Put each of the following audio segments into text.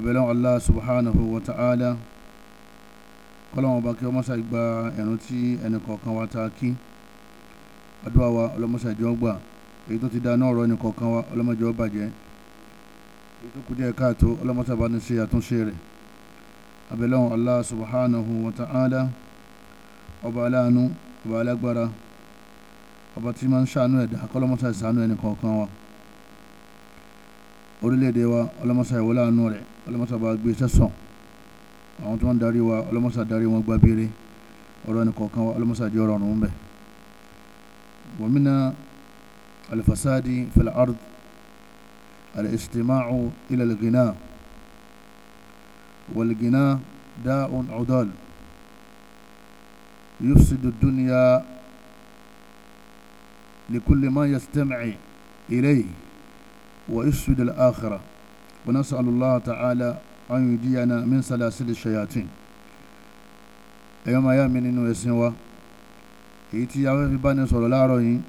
abẹ́lẹ́ Allah subhanahu wa ta'ala kọ́lọ́wọ́n bá kí wọ́n mọ́sá gba ẹ̀rùn tí ẹnì kọ̀ọ̀kan wa ta kí àdúrà wa ọlọ́mọsá ìjọ gbà èyí tó ti da náà ọ̀rọ̀ ẹnì kọ̀ọ̀kan wa ọlọ́mọjọ bàjẹ́ èyí tó kù káàtó ọlọ́mọsá bá ní ṣe àtúnṣe rẹ̀ abẹ́lẹ́ Allah subhanahu wa ta'ala ọba aláàánú ọba alágbára ọba tí máa ń ṣàánú ẹ̀dá kọ́lọ́mọ́sá ìṣàánú ẹnì kọ̀ọ̀kan wa orílẹ̀-èdè wa ọlọ́mọsá ìwọlá àánú rẹ̀ ọlọ́mọsá bá gbé iṣẹ́ sàn àwọn tí wọ́n ń darí wa ọlọ́mọsá darí wọn gba béèrè ọ̀rọ̀ ẹni kọ̀ọ̀kan wa ọlọ́mọsá jẹ́ ọ̀rọ̀ ọ̀run bẹ̀. wọ́mínà alifasadi fẹlẹ̀ ard alistimacu ilẹ̀ lẹ́gìnà wàlgìnà dáhùn ọ̀dọ́l yufsidu dúnìyà likulli man yastamici ilayhi wa yufsidu al-akhirah ونسأل الله تعالى أن يجينا من سلاسل الشياطين أيما يا من إنه يسنوا إيتي يا في بني صلى الله عليه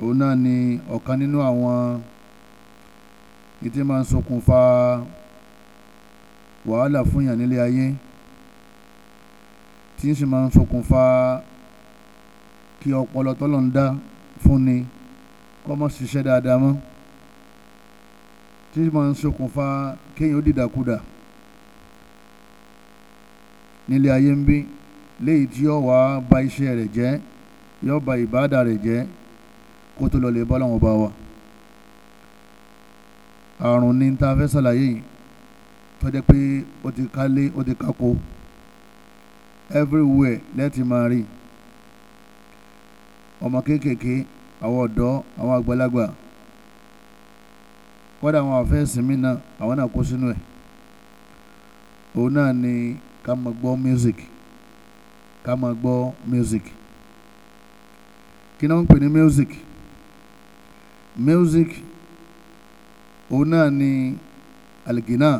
òun náà ni ọ̀kan nínú àwọn ìdí máa ń ṣokùnfà wàhálà fún yàn nílé ayé tí ń sì máa ń ṣokùnfà kí ọpọlọ tọ́lọ̀ ń dá fún ni kọ́ mọ́ ṣiṣẹ́ dáadáa mọ́ tí máa ń ṣokùnfà kéèyàn ó dìdàkudà nílé ayé ń bí léyìí tí yóò wá ba iṣẹ́ rẹ̀ jẹ́ yóò ba ìbáàdà rẹ̀ jẹ́ kó tó lọ lè bọ́ lọ́wọ́ bá wa àrùn ni tá a fẹ́ ṣàlàyé yìí tó jẹ́ pé ó ti kálé ó ti kákó everywhere lẹ́tì máa rí ọmọ kéékèèké àwọn ọ̀dọ́ àwọn àgbàlagbà kódà àwọn àfẹ́sìn mi náà àwọn náà kó sínú ẹ̀ òun náà ni ká máa gbọ́ music ká máa gbọ́ music kí náà ń pè ní music music òun náà ni alìgínà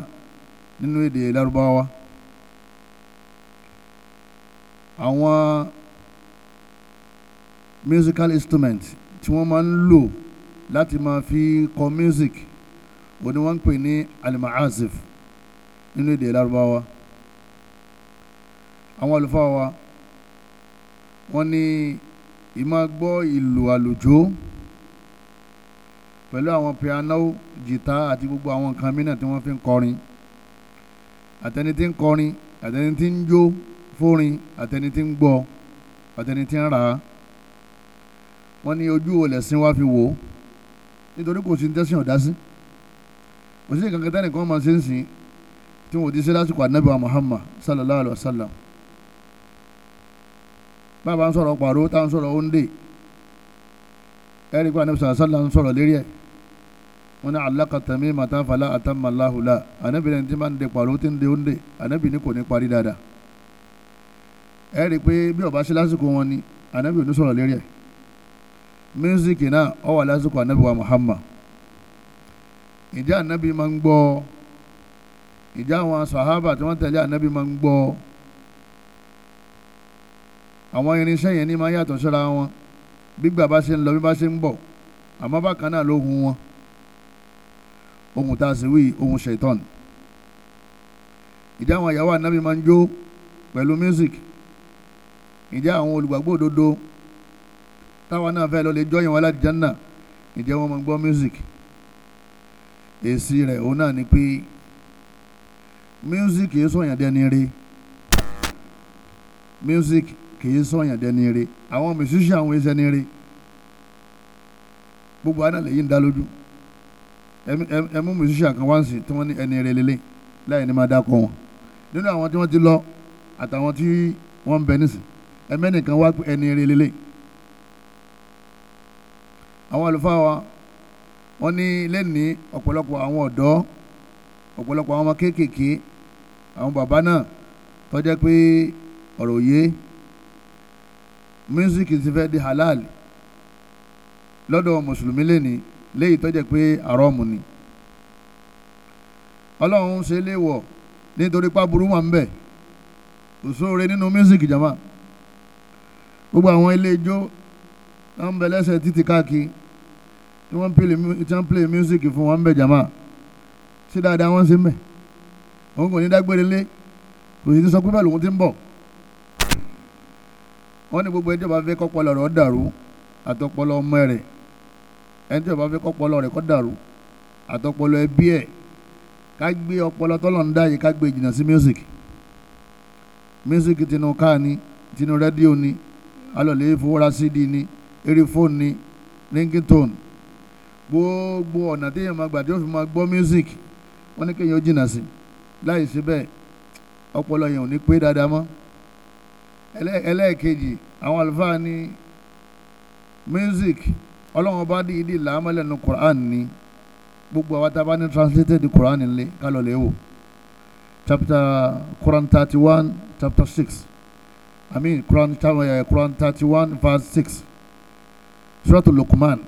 nínú èdè lárúbáwá àwọn musical instrument tí wọ́n máa ń lò láti máa fi kọ music bó ni wọ́n ń pè ní alimaazif nínú èdè Lárúbáwá àwọn àlùfáà wa wọ́n ní ìmọ̀ gbọ́ ìlù àlùjó pẹ̀lú àwọn piano jìtá àti gbogbo àwọn nǹkan mìíràn tí wọ́n fi ń kọrin àtẹni tí ń kọrin àtẹni tí ń jó fórin àtẹni tí ń gbọ́ àtẹni tí ń rà á wọ́n ní ojú olẹ̀sìn wa fi wò nítorí kò sí ní tẹ́sán ọ̀dá sí kò sí nǹkan kan tẹ́nì kan máa ṣe ń tí wọn ò ti ṣe lásìkò ànábì wa Muhammad sallallahu alayhi wa sallam bàbá ń sọ̀rọ̀ pàrọ̀ tá ń sọ̀rọ̀ òǹdè ẹ̀rí pé sallallahu alayhi wa sallam ń sọ̀rọ̀ lérí ẹ̀ wọn ní alaka tẹ̀mí màtá fàlà àtàmàláhùlà ànábì ní ti máa ń de pàrọ̀ tí ń de òǹdè ànábì ní kò ní parí dáadáa ẹ̀rí pé bí ó bá lásìkò wọn ni ànábì ò ní sọ̀rọ̀ lérí ẹ̀ mísíkì náà ó wà lásìkò ànábì wa Muhammad ìjà ànábì máa ń gbọ́ ìjà àwọn sàhábà tí wọ́n tẹ̀lé ànábì máa ń gbọ́ àwọn irinṣẹ́ yẹn ní máa yàtọ̀ síra wọn gbígbà bá ṣe ń lọ bí bá ṣe ń bọ̀ àmọ́ bákan náà ló hun wọn ohun tá a sì wí ohun ṣaitan ìjà àwọn ìyàwó ànábì máa ń jó pẹ̀lú music ìjà àwọn olùgbàgbọ́ òdodo táwa náà fẹ́ lọ lè jọyìn wọn láti Jánnà ìjẹ́ wọn máa ń gbọ́ music èsì rẹ̀ òun náà ni pé music kìí sọ̀yàn dẹni re music kìí sọ̀yàn dẹni re àwọn musician àwọn ẹsẹ̀ ni re gbogbo àná lèyí ń dá lójú ẹmú musician kan wá ń sìn tí wọ́n ní ẹni re lélẹ̀ láì ní máa dákọ̀ wọn nínú àwọn tí wọ́n ti lọ àtàwọn tí wọ́n ń bẹ nísìn ẹmẹ́nìkan wá ẹni re lélẹ̀ àwọn àlùfáà wa. wọ́n ní lẹ́ni ọ̀pọ̀lọpọ̀ àwọn ọ̀dọ́ ọ̀pọ̀lọpọ̀ àwọn ọmọ kéékèèké àwọn bàbá náà tó jẹ́ pé ọ̀rọ̀ òye mísíkì ti fẹ́ di halal lọ́dọ̀ mùsùlùmí lẹ́ni léyìí tó jẹ́ pé àrọ́ọ̀mù ni ọlọ́run ṣe wọ̀ nítorí pàbùrú wà ń bẹ̀ òṣòro nínú mísíkì jama gbogbo àwọn ilé ijó náà ń bẹ lẹ́sẹ̀ títí káàkiri ni wọ́n play tí wọ́n play music fún wọn bẹ̀ jàmá ṣé dáadáa wọ́n ṣe mẹ́ òun kò ní dágbére lé kò sì ti sọ pé bẹ́ẹ̀ lòun ti ń bọ̀ wọ́n ní gbogbo ẹni tí wọ́n bá fẹ́ kọ́pọ̀ lọ́rọ̀ dàrú àtọpọlọ ọmọ rẹ̀ ẹni tí wọ́n bá fẹ́ kọ́pọlọ rẹ̀ kọ́ dàrú àtọpọlọ ẹbí ẹ̀ ká gbé ọpọlọ tọ́lọ̀ ń dá yìí ká gbé jìnnà sí music music tinú káà ni tinú rédíò ni alọ̀lẹ́ ìfowórasídìí ni eré fóònù ni ringtone gbogbo ọ̀nà téèyàn máa gbà tí ó fi máa gbọ́ music wọ́n ní kéèyàn ó jìnnà sí láì sí bẹ́ẹ̀ ọpọlọ yẹn ò ní pé dáadáa mọ́ ẹlẹ́ẹ̀kejì àwọn àlùfáà ní music ọlọ́run bá dí ìdí làámọ́lẹ̀ nu Quran ni gbogbo àwọn tá a bá ní translated Quran nílé ká lọ lè wò chapter Quran thirty one chapter six I mean Quran, eh, Quran thirty one verse six Suratul Luqman.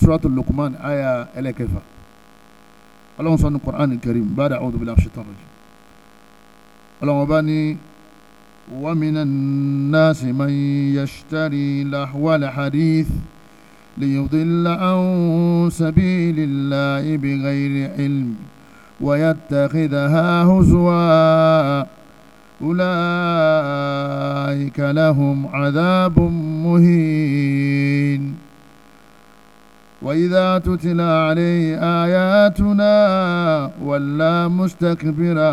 سوره اللقمان ايه إلى كيفا اللهم صل على القران الكريم بعد اعوذ بالله من الشيطان الرجيم اللهم باني ومن الناس من يشتري لهو الحديث ليضل عن سبيل الله بغير علم ويتخذها هزوا اولئك لهم عذاب مهين وإذا تتلى عليه آياتنا ولا مستكبرا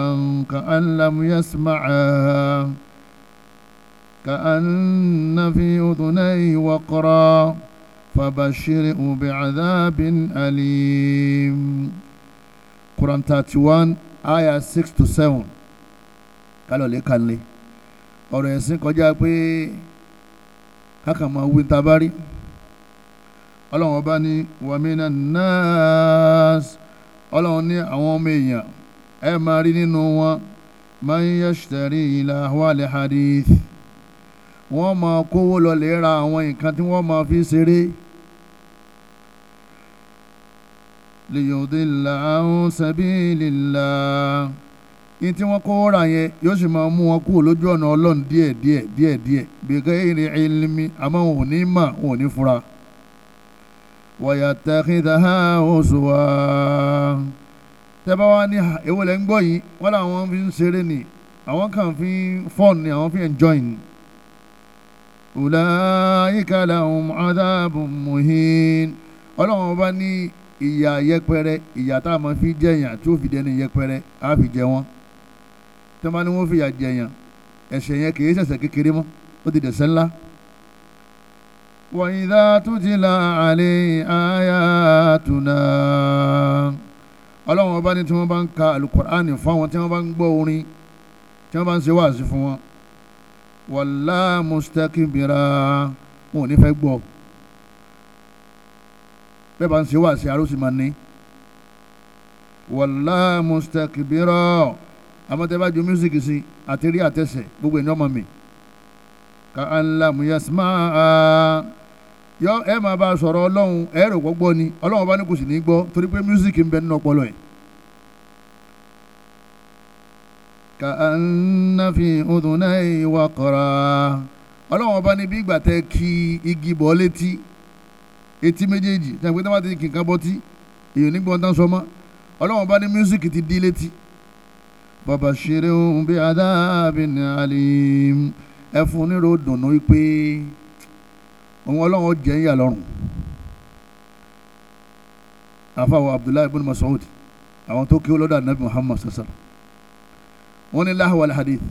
كأن لم يسمعها كأن في أذنيه وقرا فبشره بعذاب أليم قرآن 31 آية 6 to 7 kálọ̀ lè kàn lé ọ̀rọ̀ ẹ̀sìn kọjá pé kákà máa wí ta ọlọ́run ọba ní wàmínà nọ́ọ̀sì ọlọ́run ní àwọn ọmọ èèyàn ẹ máa rí nínú wọn máa ń yẹ́sítẹ́rì ìlà wàlẹ̀ hadith wọ́n máa kówó lọlẹ̀ ra àwọn nǹkan tí wọ́n máa fi ṣeré. lèyọ̀dẹ̀là àwọn sẹ́bílélà ní tí wọ́n kówó ra yẹn yóò sì máa mú wọn kúrò lójú ọ̀nà ọlọ́run díẹ̀díẹ̀ díẹ̀díẹ̀ bẹ̀gẹ́ ìrìn ẹ̀lẹ́mí àmọ́ wọn ò ní mà wọn ò ní fura wọ̀yàtàkìdáhà òṣùwà tẹ́bá wá ní èwo lẹ́ ń gbọ́ yìí wọ́n làwọn fi ń ṣeré ni àwọn kàn fi fọ́ọ̀n ni àwọn fi enjoy ni. ulaika lahum adhabun muhin ọlọ́run ọba ní ìyà yẹpẹrẹ ìyà tá a máa fi jẹyàn tí ó fi dẹni yẹpẹrẹ á fi jẹ wọn tẹ́bá ni wọ́n fi yà jẹyàn ẹ̀ṣẹ̀ yẹn kì í ṣẹ̀ṣẹ̀ kékeré mọ́ ó ti dẹ̀ṣẹ̀ ńlá. وإذا تتلى عليه آياتنا ọlọ́run ọba ní tí wọ́n bá ń ka alukur'ani fáwọn tí wọ́n bá ń gbọ́ orin tí wọ́n bá ń ṣe wáàsí fún wọn wàlá mustakbira wọn ò ní fẹ́ gbọ́ bẹ́ẹ̀ bá ń ṣe wáàsí arúsì máa ní wàlá mustakbira amọ̀tẹ́bájú mísíkì sí àtẹ̀rí àtẹ̀sẹ̀ gbogbo ẹ̀ ní ọmọ mi ka an yasma'a yọ ẹ máa bá a sọ̀rọ̀ ọlọ́run ẹ rò gbọ́ ni ọlọ́run bá ní kò sì ní gbọ́ torí pé music ń bẹ nínú ọpọlọ ẹ̀. ka anna fi udunai waqra ọlọ́run bá ní ìgbà tẹ kí igi bọ́ létí etí méjèèjì tí a gbé tí wọ́n ti kì í ká bọ́tí èèyàn nígbọ́n tán sọmọ́ ọlọ́run bá ní music ti di létí. bàbá ṣeré ohun bí adáàbí ni ẹ fún nírò dùnú pé àwọn ọlọ́run jẹ́ ń yà lọ́rùn àfàwọ̀ abdullahi ibn masoud àwọn tó kéwọ́ lọ́dọ̀ Nabi muhammad sassan wọ́n ní láhùn wàlẹ̀ hadith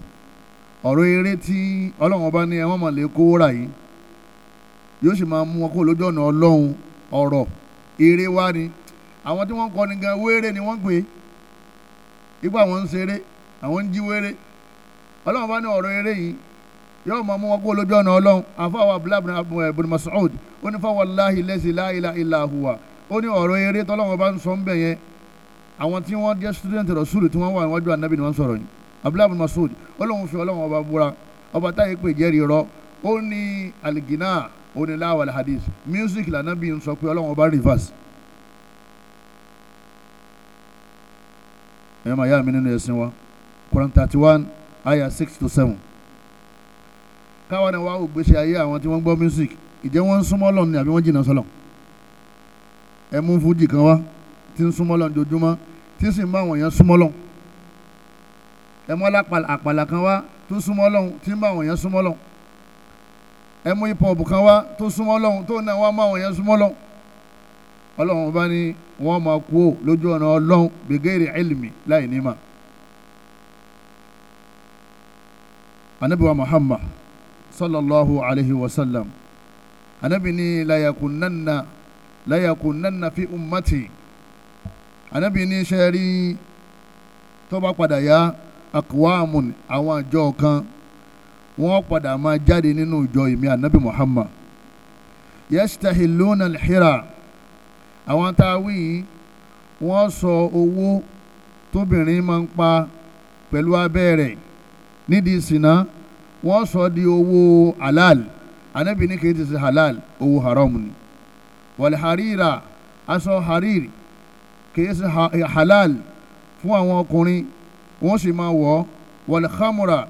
ọ̀rọ̀ eré tí ọlọ́run ọba ní ẹ̀wọ̀n màlẹ́ kó rà yìí yóò sì máa mú wọn kó lójú ọ̀nà ọlọ́run ọ̀rọ̀ eré wá ni àwọn tí wọ́n ń kọni gan wéré ni wọ́n pè é ipá àwọn ń ṣeré àwọn ń jí wéré ọlọ́run ọba ní ọ̀rọ̀ eré yìí yóò máa mú wọn kó lójú ọ̀nà ọlọ́run àfọwọ́ abdullahi bin eh, masoud ó ní fọwọ́ láhi lẹ́sìn láìla ìlàhùwà ó ní ọ̀rọ̀ eré tọ́lọ́wọ́n bá ń sọ ń bẹ̀ yẹn àwọn tí wọ́n jẹ́ student rasul tí wọ́n wà níwájú anabi ni wọ́n sọ̀rọ̀ yìí abdullahi bin masoud ó lóun fi ọlọ́run ọba búra ọba táyé pè jẹ́rìí rọ ó ní aligina ó ní alhadis music lànàbí ń sọ pé ọlọ́run ọba reverse. ẹ̀yọ́ màá yá mi nínú ẹ̀sìn wa Quran thirty one ayah six to seven káwọn náà wá ògbésí ayé àwọn tí wọ́n gbọ́ music ìjẹ́ wọ́n ń súnmọ́ lọ́n ni àbí wọ́n jìnnà sọ́lọ̀ ẹ mú fújì kan wá tí ń súnmọ́ lọ́n dojúmọ́ tí sì ń bá àwọn èèyàn súnmọ́ lọ́n ẹ mú àpàlà kan wá tó súnmọ́ lọ́n tí ń bá àwọn èèyàn súnmọ́ lọ́n ẹ mú hip hop kan wá tó súnmọ́ lọ́n tó náà wá mú àwọn èèyàn súnmọ́ lọ́n ọlọ́run bá ní wọ́n máa kú ò lójú ọ̀nà ọlọ́run bègèrè ẹlìmì láì ní mà. anabiwa Muhammad صلى الله عليه وسلم، anabi ni layakunanna layakunanna fi ummati anabi ni sẹ́rí tó bá padà yá akwamun àwọn àjọ kan wọ́n padà máa jáde nínú ìjọ ìmí anabi muhammad yastahiluna alhira àwọn tá a sọ owó tóbìnrin máa ń pa pẹ̀lú abẹ́ rẹ̀ nídìí sìnà wọ́n sọ di owó halal anabi ní kìí ti ṣe halal owó haram ni wal harira aṣọ hariri kìí ṣe halal fún àwọn ọkùnrin wọ́n sì máa wọ̀ wal khamura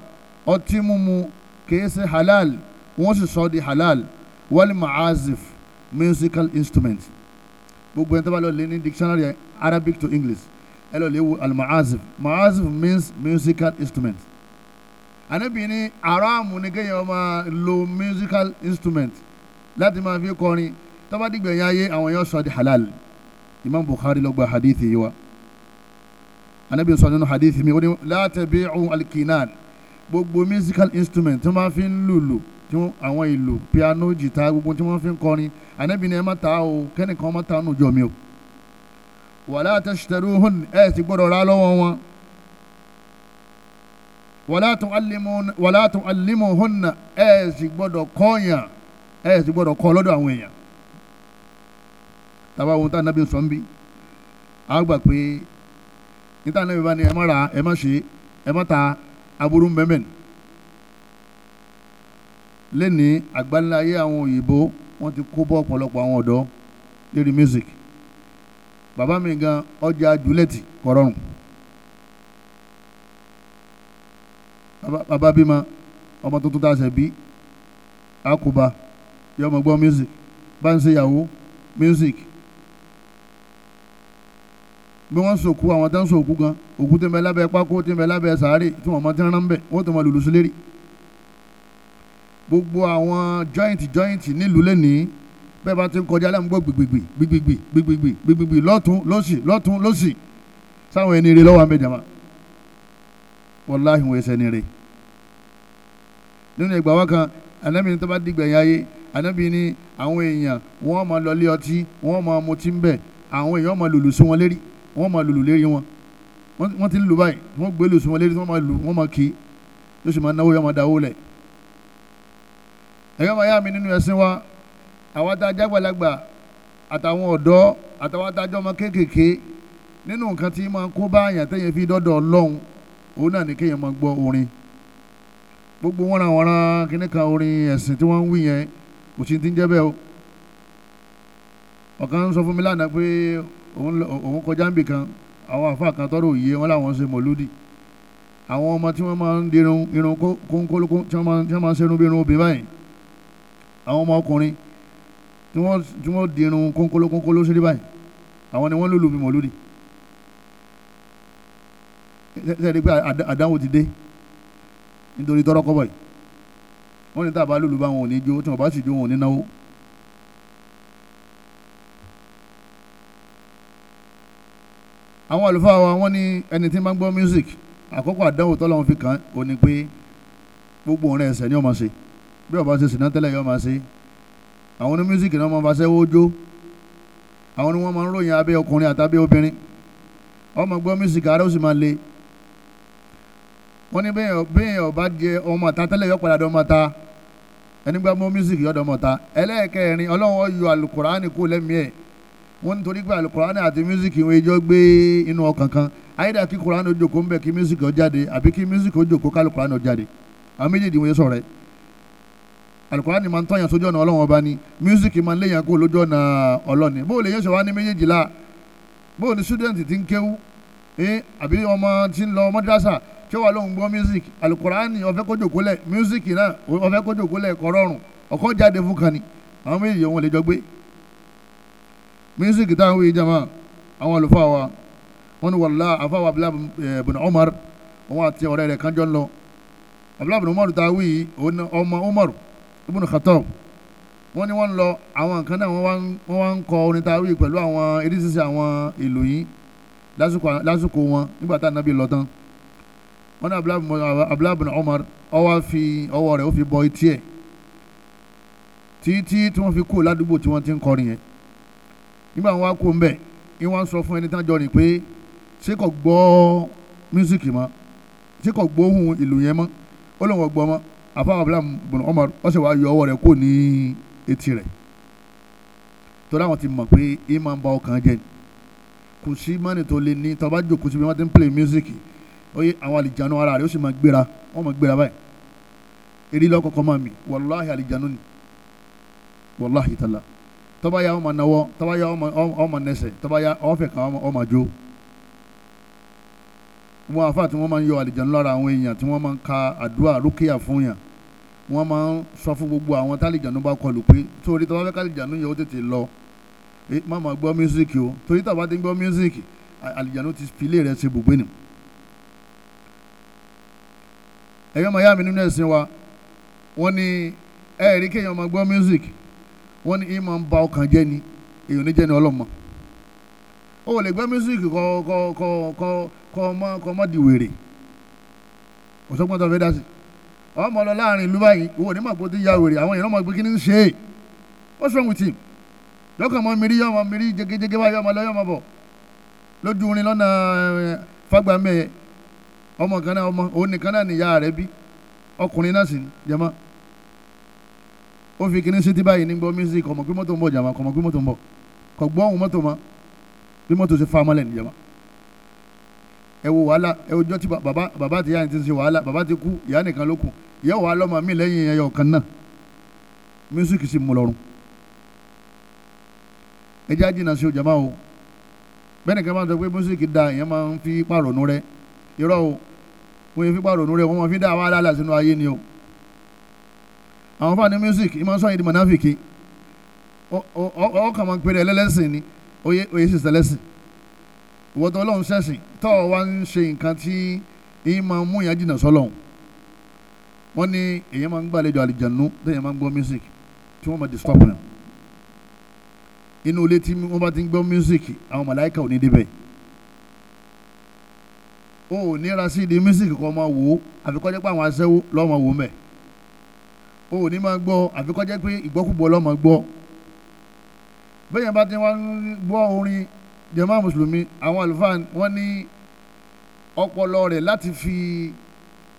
ọtí mímu kìí ṣe halal wọ́n sì sọ di halal wal ma'azif musical instrument gbogbo ẹni tó bá lọ lé ní dictionary Arabic to English ẹ lọ lé wo al ma'azif ma'azif means musical instrument anabi ni aráàmù ni kéèyàn máa lo musical instrument láti máa fi kọrin tó bá dìgbẹ̀yìn ayé àwọn èèyàn sọ di halal imam bukhari ló gba hadithi yìí wa anabi sọ nínú hadithi mi ó ní la tabi'u alkinan gbogbo musical instrument tí wọ́n fi ń lùlù tí àwọn ìlù piano jìtá gbogbo tí wọ́n fi ń kọrin anabi ni ẹ má ta o kẹ́nìkan má ta nù jọ mi o wala tashtaruhun ẹ̀ sì gbọ́dọ̀ rà lọ́wọ́ wọn wàlá tó alimu hona ẹ sì gbọ́dọ̀ kọ́ọ̀yàn ẹ sì gbọ́dọ̀ kọ́ lọ́dọ̀ àwọn èèyàn tàbá ohun tá a nábì sọ ń bí a gbà pé níta nábì bá ní ẹ má ra ẹ má ṣe ẹ má ta aburú mẹ́mẹ́ni lẹ́ni àgbáńláyé àwọn òyìnbó wọ́n ti kó bọ́ ọ̀pọ̀lọpọ̀ àwọn ọ̀dọ́ lérí music bàbá mi gan ọjà julẹ̀tì kọ̀rọ̀rùn. bàbá bímọ ọmọ tuntun tá a ṣẹ̀ bí àkùbà yọ ọmọ gbọ́ music bá ń ṣe ìyàwó music bí wọ́n sòkú àwọn tó ń sòkú gan òkú tó ń bẹ lábẹ́ pákó tó ń bẹ lábẹ́ sàárè tí wọ́n mọ tí wọ́n rán bẹ̀ wọ́n tó mọ lùlù sí gbogbo àwọn joint joint nílùú lẹ́nìí bẹ́ẹ̀ bá ti ń kọjá láàmú gbọ́ gbìgbìgbì gbìgbìgbì gbìgbìgbì gbìgbìgbì lọ́tún lọ́sì lọ́tún lọ́sì sáwọn ẹni rẹ lọ́wọ́ àmì jàmá wàláhì wọ́n ẹsẹ̀ ni rẹ̀ nínú ìgbà wọn kan ànábì ní tó bá dìgbẹ̀yìn ayé ànábì ní àwọn èèyàn wọ́n máa lọ lé ọtí wọ́n máa mutí ń bẹ̀ àwọn èèyàn máa lùlù sí wọn lérí wọ́n máa lùlù lérí wọn wọ́n ti ń lù báyìí wọ́n gbé lù sí wọn lérí wọ́n máa lù wọ́n máa kì í sì máa náwó yóò dáwó lẹ̀. ẹ̀yọ́ máa yá mi nínú ẹ̀sìn wa àwa tá a àtàwọn ọ̀dọ́ àtàwọn adájọ́ ọmọ gbogbo wọn ràn wọn ràn kíní kan orin ẹ̀sìn tí wọ́n ń wí yẹn kò sí ti ń jẹ́ bẹ́ẹ̀ o ọ̀kan sọ fún mi lánàá pé òun kọjá ń bì kan àwọn àfáà kan tọ́rọ òye wọn làwọn ṣe mọ̀lúdì àwọn ọmọ tí wọ́n máa ń dirun irun kónkólókó tí wọ́n máa ń ṣerun bí irun obì báyìí àwọn ọmọ ọkùnrin tí wọ́n dirun kónkólókónkóló sí báyìí àwọn ni wọ́n lùlù bí mọ̀lúdì sẹ́ẹ̀dí pé àdánwò ti dé nítorí tọ́rọ́kọ́bọ̀ yìí wọ́n ní tàbá lùlù bá wọn ò ní jó tí wọ́n bá sì jó wọn ò ní náwó. àwọn àlùfáà wa wọ́n ní ẹni tí máa ń gbọ́ music àkọ́kọ́ àdánwò tọ́lọ́run fi kàn ó ní pé gbogbo òun rẹ̀ ẹ̀ṣẹ̀ ni ó máa ṣe bí ó bá ṣe sìnà tẹ́lẹ̀ yóò máa ṣe àwọn ní music náà máa bá ṣẹ́wó jó àwọn ni wọ́n máa ń ròyìn abẹ́ ọkùnrin àtàbí obìnrin ó máa gbọ́ music ara ó sì máa le wọ́n ní bẹ́ẹ̀ ọba jẹ ọmọ ta tẹ́lẹ̀ yọ padà dọ́mọ ta ẹni gba mọ́ music yọ dọ́mọ ta ẹlẹ́ẹ̀kẹrin ọlọ́wọ́ yọ alukurani kó lẹ́mìí ẹ̀ wọ́n nítorí pé alukurani àti music wọn ìjọ gbé inú ọkàn kan ayédà kí kurani ó jókòó ń bẹ̀ kí music ó jáde àbí kí music ó jókòó kálukurani ó jáde àwọn méjèèjì wọ́n yẹ sọ̀rọ̀ ẹ̀ alukurani máa ń tọ́yàn sójú ọ̀nà ọlọ́wọ́n ọba ni music máa ń léyàn kó lójú ọ̀nà ọlọ́ni bó o lè yẹn sọ wá ní méjèèjì la bó o ní student ti ń kéwú ẹ àbí ọmọ ti ń lọ mọ́dúrásà tí ó wà lóhùn gbọ́ music alukurani ọ̀fẹ́ kó jòkólẹ̀ music náà ọ̀fẹ́ kó jòkólẹ̀ kọ́rọ́rùn ọ̀kọ́ jáde fún kan ni àwọn méjì wọn lè jọ gbé music táwọn wíyí jama àwọn àlùfáà wa wọn ni wàllá àfáà wa abdullahi eh, umar wọn àti ọ̀rẹ́ rẹ̀ kanjọ́ lọ abdullahi bin umar ta wíyí ọmọ umar ibn khattab wọn ni wọn lọ àwọn nǹkan náà wọn wá ń kọ orin ta wíyí pẹ̀lú àwọn eréṣiṣẹ́ àwọn ìlú yìí lásìkò wọn nígbà tá a nàbí lọ tán wọ́n ní abúlábùn Umar ọwọ́ fi rẹ̀ ó fi bọ etí ẹ̀ títí tí wọ́n fi kú ládùúgbò tí wọ́n ti ń kọrin yẹn nígbà wọn kú mbẹ ni wọ́n sọ fún ẹni tán jọ rìn pé ṣé kò gbọ́ mísíkì mọ́ ṣé kò gbóhùn ìlú yẹn mọ́ ó lóun ọgbọ́n mọ́ àfọwọ́ abúlábùn Umar wọ́n sì wá yọ ọwọ́ rẹ̀ kó ní etí rẹ̀ torí àwọn ti mọ̀ pé ìmọ̀ ń ba ọkàn jẹ́ kò sí mọ́nì tó lè ní tó bá jókòó síbi wọ́n ti ń play mísíkì oye àwọn àlìjánu ara rẹ̀ ó sì máa gbéra wọ́n máa gbéra báyìí eré lọ́kọ̀ọ̀kan máa mì wàláhì àlìjánu ni wàláhì tàlà tọ́báyà ọmọ náwọ́ tọ́báyà ọmọ nẹsẹ̀ tọ́báyà ọ̀fẹ́ kan ọmọ jó wọn àfa tí wọ́n máa ń yọ àlìjánu lára àwọn èèyàn tí wọ́n máa ń ka àdúrà rúkìá fún yàn wọ́n máa ń sọ fún gbogbo àwọn tálìjánu bá kọlù pé torí tọ́ba fẹ́ kálìjánu yẹ ó tètè lọ eh, má máa gbọ́ mísíkì o torí tàbá ti gbọ́ mísíkì àlìjánu ti filé rẹ̀ ṣe bùgbé nìyẹn ẹ̀yọ́ màá yá mi nínú ẹ̀sìn wa wọ́n ní ẹ̀ẹ́rí kéèyàn máa gbọ́ music wọ́n ní ìmọ̀ ń ba ọkàn jẹ́ ni èèyàn ní jẹ́ ni ọlọ́mọ o lè gbọ́ music kọ́ kọ́ kọ́ kọ́ kọ́ ọmọ kọ́ ọmọ di wèrè ọ̀sọ́gbọ́n tó fẹ́ dá sí ọmọ lọ láàrin ìlú báyìí owó onímọ̀ àpótí ya wèrè àwọn èèyàn máa gbé kí ni ń ṣe é what's wrong with him lọ́kàn mọ́ mìírí yọ̀ọ́ mọ́ mìírí jẹgẹjẹgẹ báyọ̀ ọmọ lọ́yọ̀ ọmọ bọ̀ lójú orin lọ́nà eh, fagbamẹ́yẹ ọmọ kan náà ọmọ òun nìkan náà nìyá rẹ̀ bí ọkùnrin náà sì ní jẹ́mọ́ ó fi kíní sí ti báyìí ní gbọ́ music ọmọ pé mọ́tò ń bọ̀ jàmá kọ̀mọ́ pé mọ́tò ń bọ̀ kọ̀ gbọ́ ohun mọ́tò mọ́ bí mọ́tò ṣe fa ọmọlẹ̀ ní jẹ́mọ́ ẹ wo wàhálà ẹ wo jọ́ tí bàbá bàbá àti ìyá ti ń ṣe wàhálà bàbá ti kú ìyá nìkan ló kù ìyá wàá lọ́mọ mi lẹ́yìn ẹyọ kan náà music sì mú lọ́rùn ẹ jẹ́ àjìnà sí o jàmá o bẹ́ẹ̀ nìkan máa sọ pé music da ìyẹn máa ń fi pààrọ̀ nú rẹ irọ́ o wọ́n yẹ fipá ronú rẹ̀ wọ́n máa fi dá àwọn aláàlá sínú ayé ni o àwọn fani music ìmọ̀ sọ́yìn di mọ̀náfìkì ọkàn máa ń pèrè ẹlẹ́lẹ́sìn ni oyè oyè sì sẹlẹ́sìn ìwọ́n ọlọ́run ṣẹ̀sìn tọ́ ọ wá ń ṣe nǹkan tí èyí máa ń mú ìyá jìnnà sọ́lọ́hún wọ́n ní èyí máa ń gbàlejò àlìjànú lẹ́yìn máa ń gbọ́ music tí wọ́n máa disturb rẹ̀ inú ilé tí wọ́n bá ti ń gbọ́ music àwọn màláìka ò ní débẹ̀ o ò níra sí di mísìkì kan máa wò ó àfikọ́jẹ́ pé àwọn aṣẹ́wó lọ́mọ wò mẹ́ o ò ní máa gbọ́ àfikọ́jẹ́ pé ìgbọ́kúgbọ́ lọ́mọ gbọ́ bẹ́yẹn bá ti wá gbọ́ orin jàmá mùsùlùmí àwọn àlùfáà wọ́n ní ọpọlọ rẹ̀ láti fi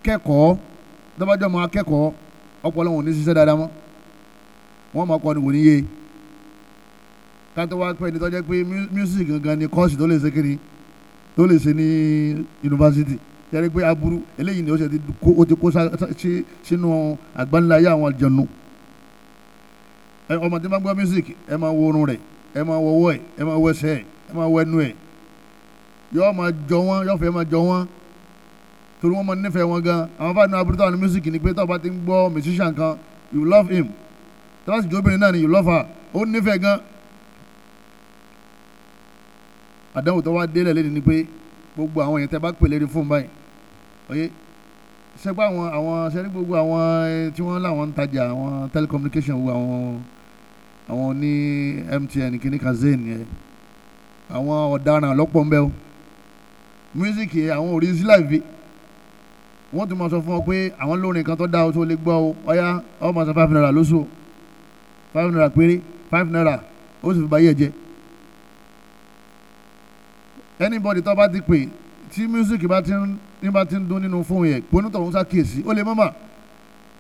kẹ́kọ̀ọ́ dọ́bàjọ́ máa kẹ́kọ̀ọ́ ọpọlọ wọn ò ní ṣiṣẹ́ dáadáa mọ́ wọ́n máa kọ́ ni wò ká tó wá pẹ́ ni tọ́jẹ́ pé music gangan ni kọ́ọ̀sì tó lè ṣe kiri tó lè ṣe ní yunifásitì yẹri pé aburú eléyìí ni ó ṣe ti kó ó ti kó sínú àgbáńláyé àwọn àjọnu ọmọ tí ma gbọ́ music ẹ máa wo orun rẹ̀ ẹ máa wo ọwọ́ ẹ̀ ẹ máa wo ẹsẹ̀ ẹ̀ ẹ máa wo ẹnu ẹ̀ yọ máa jọ wọ́n yọ fẹ́ máa jọ wọ́n torí wọ́n máa nífẹ̀ẹ́ wọn gan àwọn fáwọn aburú tó wà ní music ni pé tó bá ti gbọ́ musician kan you love him Trust bá sì jó náà ni you love her ó nífẹ̀ẹ́ gan àdánwò tó wá délẹ̀ lẹ́ni ni pé gbogbo àwọn yẹn tẹ́ bá pè lérí fóun báyìí oyè sẹ́gbà àwọn àwọn sẹ́ni gbogbo àwọn tí wọ́n láwọn ń tajà àwọn telecommunication wo àwọn àwọn ní MTN kìíní kan zayn yẹn àwọn ọ̀daràn lọ́pọ̀ ń bẹ́ o music yẹn àwọn òrìṣì láìpẹ́ wọ́n tún máa sọ fún ọ pé àwọn lórin kan tó dáa tó lè gbọ́ o ọ̀yá ọ máa san five naira lóṣù five naira péré five naira ó sì fi báyé ẹ̀ jẹ́ anybody tó bá ti pè tí music bá ti ń bá ti ń dún nínú fóun yẹn pé onítọ̀ ṣàkíyèsí ó lè mọ́mọ́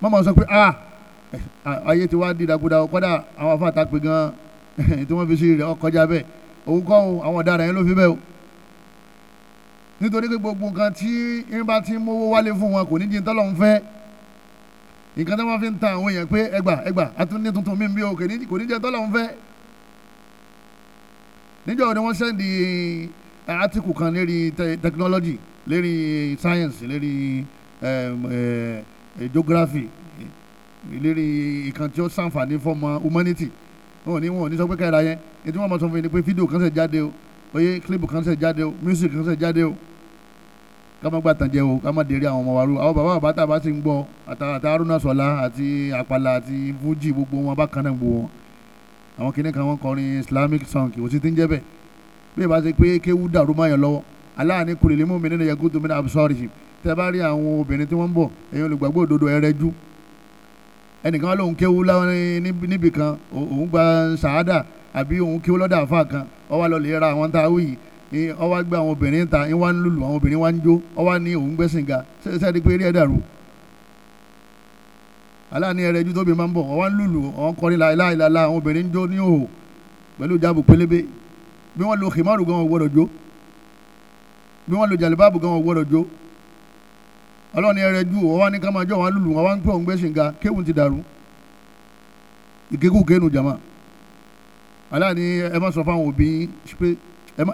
mọ́mọ́ sọ pé ah eh, ayé ti wá di dàgbòdà kọ́dà àwọn afáàtà pé gan-an tí wọ́n fi ṣe rẹ̀ ọkọjá bẹ́ẹ̀ òun kọ́ òun àwọn ọ̀daràn yẹn ló fi bẹ́ẹ̀ o nítorí pé gbogbo nǹkan tí ń bá ti mówó wálé fún wọn kò ní jí ń tọ́lọ́ fẹ́ nǹkan tí wọ́n fi ń ta àwọn èèyàn pé ẹgbà ẹgbà àtúndí tuntun mi bí o kò ní jẹ́ tọ́lọ́ fẹ́ níjọ́ ni wọ́n sẹ́ndì article kan lérí technology lérí science lérí geography lérí ìkan tí ó ṣàǹfààní fọmọ humanity wọn ò ní wọn ò ní sọ pé káyìí ra yẹn ètò wọn máa sọ fún yín ni pé fídíò kan ṣe jáde o oyè clip kan ṣe jáde o music kan ṣe jáde o ká má gbà tán jẹ o ká má dèrè àwọn ọmọ wa rú àwọn bàbá bàbá tá a bá ti ń gbọ́ àtàtà Haruna Sola àti Àpàlà àti Fuji gbogbo wọn bákan náà gbogbo wọn àwọn kìnnìkan wọn kọrin Islamic song kò sí ti ń jẹ́ bẹ́ẹ̀ bí ìbá ṣe pé kéwú dàrú máyàn lọ́wọ́ aláàánú kùlì lè mú mi nínú yagudu mi náà sọ́ọ̀rì sí tẹ́ bá rí àwọn obìnrin tí wọ́n ń bọ̀ ẹ̀yin olùgbàgbọ́ òdodo ẹrẹ́jú e ẹnìkan wọn lòun kéwú níbì kan òun gba sàádà àbí òun kéwú lọ́dà àfa kan ó wá lè ra àwọn táwí yìí ni ó wá gbé àwọn obìnrin ta ni wá ń lùlù àwọn obìnrin wá ń jó ó wá ní òun gbẹ́sìn ga sẹ́ẹ̀dí pé eré ẹ̀ dàrú aláàánú ẹrẹ́jú tóbi máa ń bọ̀ ó wá ń lùlù ó ń kọrin láìláìláìlá àwọn obìnrin ń jó ní òhò pẹ̀lú ìjábù pélébé bí wọ́n lo himaru gan ọ̀wọ́dọ̀ jó bí wọ́n lo jàlíbáàbù gan ọ̀wọ́dọ̀ jó ọlọ́ọ̀ni ẹrẹ ju ọwọ́ ní kámájọ́ wọn lùlù wọn wá ń pè òun gbẹ́sìn ga kéwùn ti dàrú ìkékùkénu jàmá aláàní ẹ má sọ fáwọn òbí pé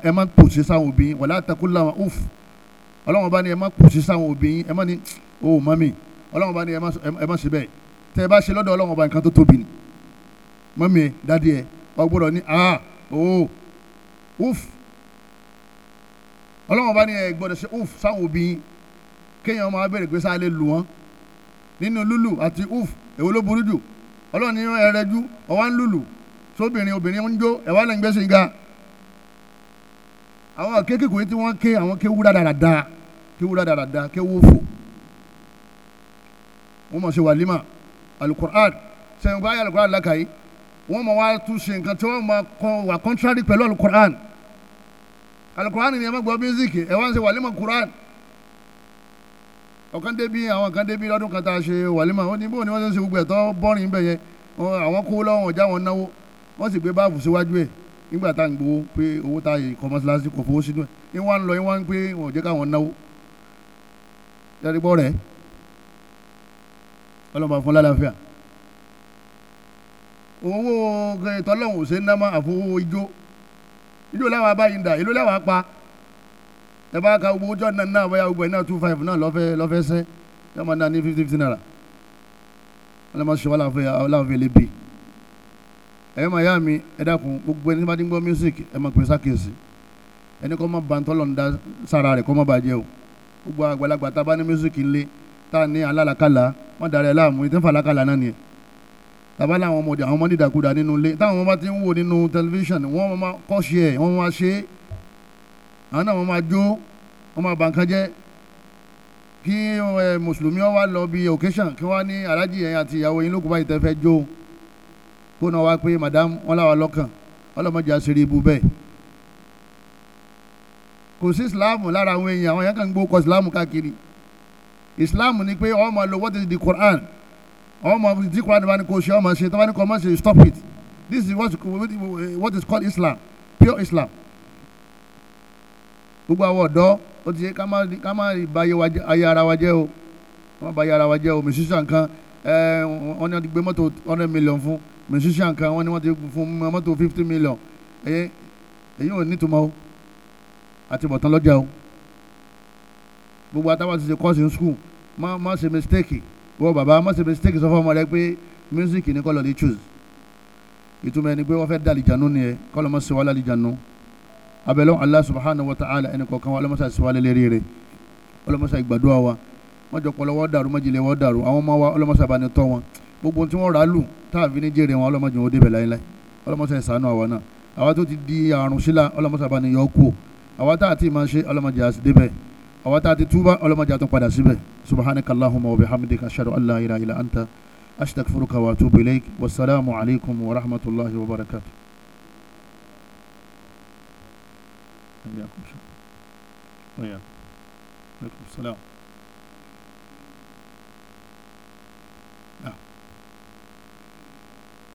ẹ má pòṣe sáwọn òbí wàlá àtàkùnlá wọn òf ọlọ́wọ́n bá ní ẹ má pòṣe sáwọn òbí ẹ má ní o mami ọlọ́wọ́n bá ní ẹ má ṣe bẹ́ẹ̀ tẹ ẹ bá ṣe lọ́dọ̀ ọlọ́wọ́n bá nǹkan tó tóbi ni mami ẹ dádì ẹ ọgbọ́dọ̀ ní a Oh, uf ọlọ́wọ́n bá ní ẹ gbọ́dọ̀ ṣe uf sáwọn obìnrin kéèyàn máa bẹ̀rẹ̀ pé sáà lè lù wọ́n nínú lulu àti uf èwo ló burú jù ọlọ́run ní ẹrẹ́jú ọwá ń lulu sóbìnrin obìnrin ń jó ẹ̀wá lẹ́yìn gbèsè ga àwọn kéékèèké tí wọ́n ké àwọn kéwú dáradára kéwú dáradára kéwú fò wọ́n mọ̀ ṣe wàlímà alukur'an sẹ́yìn báyà alukur'an lákàáyé wọ́n mọ̀ wá tún ṣe nǹkan tí wọ́n mọ̀ kọ́ wà contrary pẹ̀lú alukur'an alukurani ni ẹ ma gbọ́ mísíkì ẹ wá ń ṣe wàlímà kurani ọ̀kan débi àwọn kan débi lọ́dún kan tá a ṣe wàlímà ó ní ni wọ́n ṣe ń ṣe gbogbo ẹ̀tọ́ bọ́rin bẹ̀ kó lọ́wọ́ ọ̀já wọn náwó wọ́n sì gbé báàbù síwájú ẹ̀ nígbà tá à gbowó pé owó tá a yẹ kọ́ mọ́ṣáláṣí kò fowó sínú ẹ̀ ń wá ń lọ ń wá ń pé wọn ò jẹ́ káwọn náwó yàrá bọ́ rẹ̀ ọlọ́mọ fún lálàáfíà owó tọ́lọ́hùn ṣe ń àfowó ijó ìlú làwọn abáyín dà ìlú làwọn apá ẹ bá ka gbogbo ọjọ́ náà náà bóyá gbogbo ẹ̀ náà two five náà lọ́fẹ́ lọ́fẹ́ sẹ́ yóò máa náà fifty fifty naira wọ́n lè máa ṣe wọ́n láwọn fi lè bì ẹ̀yọ́ màá yá mi ẹ dákun gbogbo ẹni tí wọ́n ti ń gbọ́ music ẹ máa pè sákèsì ẹni kọ́ máa bàtọ́ lọ́n da sára rẹ̀ kọ́ máa bàjẹ́ o gbogbo àgbàlagbà tá a bá ní music ńlẹ̀ tá a ní alálàkàlà wọ́n darí láàmú ìtẹ́fà alákàlà náà nìyẹn tàbá láwọn ọmọdé àwọn ọmọ nídàkudà nínú ilé táwọn ọmọ bá ti ń wò nínú tẹlifíṣàn wọ́n máa kọ́ṣe ẹ̀ wọ́n máa ṣe é àwọn náà wọ́n máa jó wọ́n máa bà jẹ́ kí mùsùlùmí wá lọ bí occasion kí wọ́n ní aláàjì yẹn àti ìyàwó yín lókùnbá yìí tẹ́ fẹ́ jó kó náà wá pé madam wọn làwọn lọ́kàn ọlọ́mọdé àṣírí ibú bẹ́ẹ̀ kò sí islam lára àwọn èèyàn àwọn èèyàn kan gbó kọ islam káàkiri islam ni pé ó máa lo Quran àwọn ọmọ ìdí kura ni wọn kò ṣe ọmọ ṣe tí wọn kò ọmọ ṣe stop it this is what, what is called Islam pure Islam gbogbo àwọn ọ̀dọ́ ó ti ṣe ká má ba ayé ara wa jẹ́ o ká má ba ayé ara wa jẹ́ o musician kan wọ́n ní wọ́n ti gbé mọ́tò hundred million fún musician kan wọ́n ní wọ́n ti fún mọ́tò fifty million èyí ò nítumọ̀ o àti bọ̀tán lọ́jà o gbogbo àtàwọn ti ṣe course in school má má ṣe mistake wọ́n bàbá mọ̀sẹ̀ mistake sọ fún ọmọ rẹ pé music ni kọ́ lọ lè choose ìtumọ̀ ẹni pé wọ́n fẹ́ da àlìjánu ni ẹ kọ́ lọ́ mọ̀ sí wa lálìjánu abẹ́lẹ́ Allah subhanahu wa ta'ala ẹni kọ̀ọ̀kan wa ọlọ́mọṣà sí wa lélẹ́rí rẹ ọlọ́mọṣà ìgbàdúrà wa mọ̀jọ pọ̀lọ́ wọ́n dàrú mọ̀jìlẹ̀ wọ́n dàrú àwọn ọmọ wa ọlọ́mọṣà bá ní tọ́ wọn gbogbo tí wọ́n rà lù táàfin ní jèrè wọn ọlọ́mọjì wọn débẹ̀ láyé láyé ọlọ́mọṣà ìsànú àwa náà àwa tó ní yọ àwa tá a ti túbà ọlọ́mọdé àtún padà síbẹ̀ subhanaka allahumma wa bihamdika ashhadu an la ilaha illa anta astaghfiruka wa atubu ilayk wasalaamu alaykum wa rahmatulahi wa barakatuh. وإياكم وإياكم السلام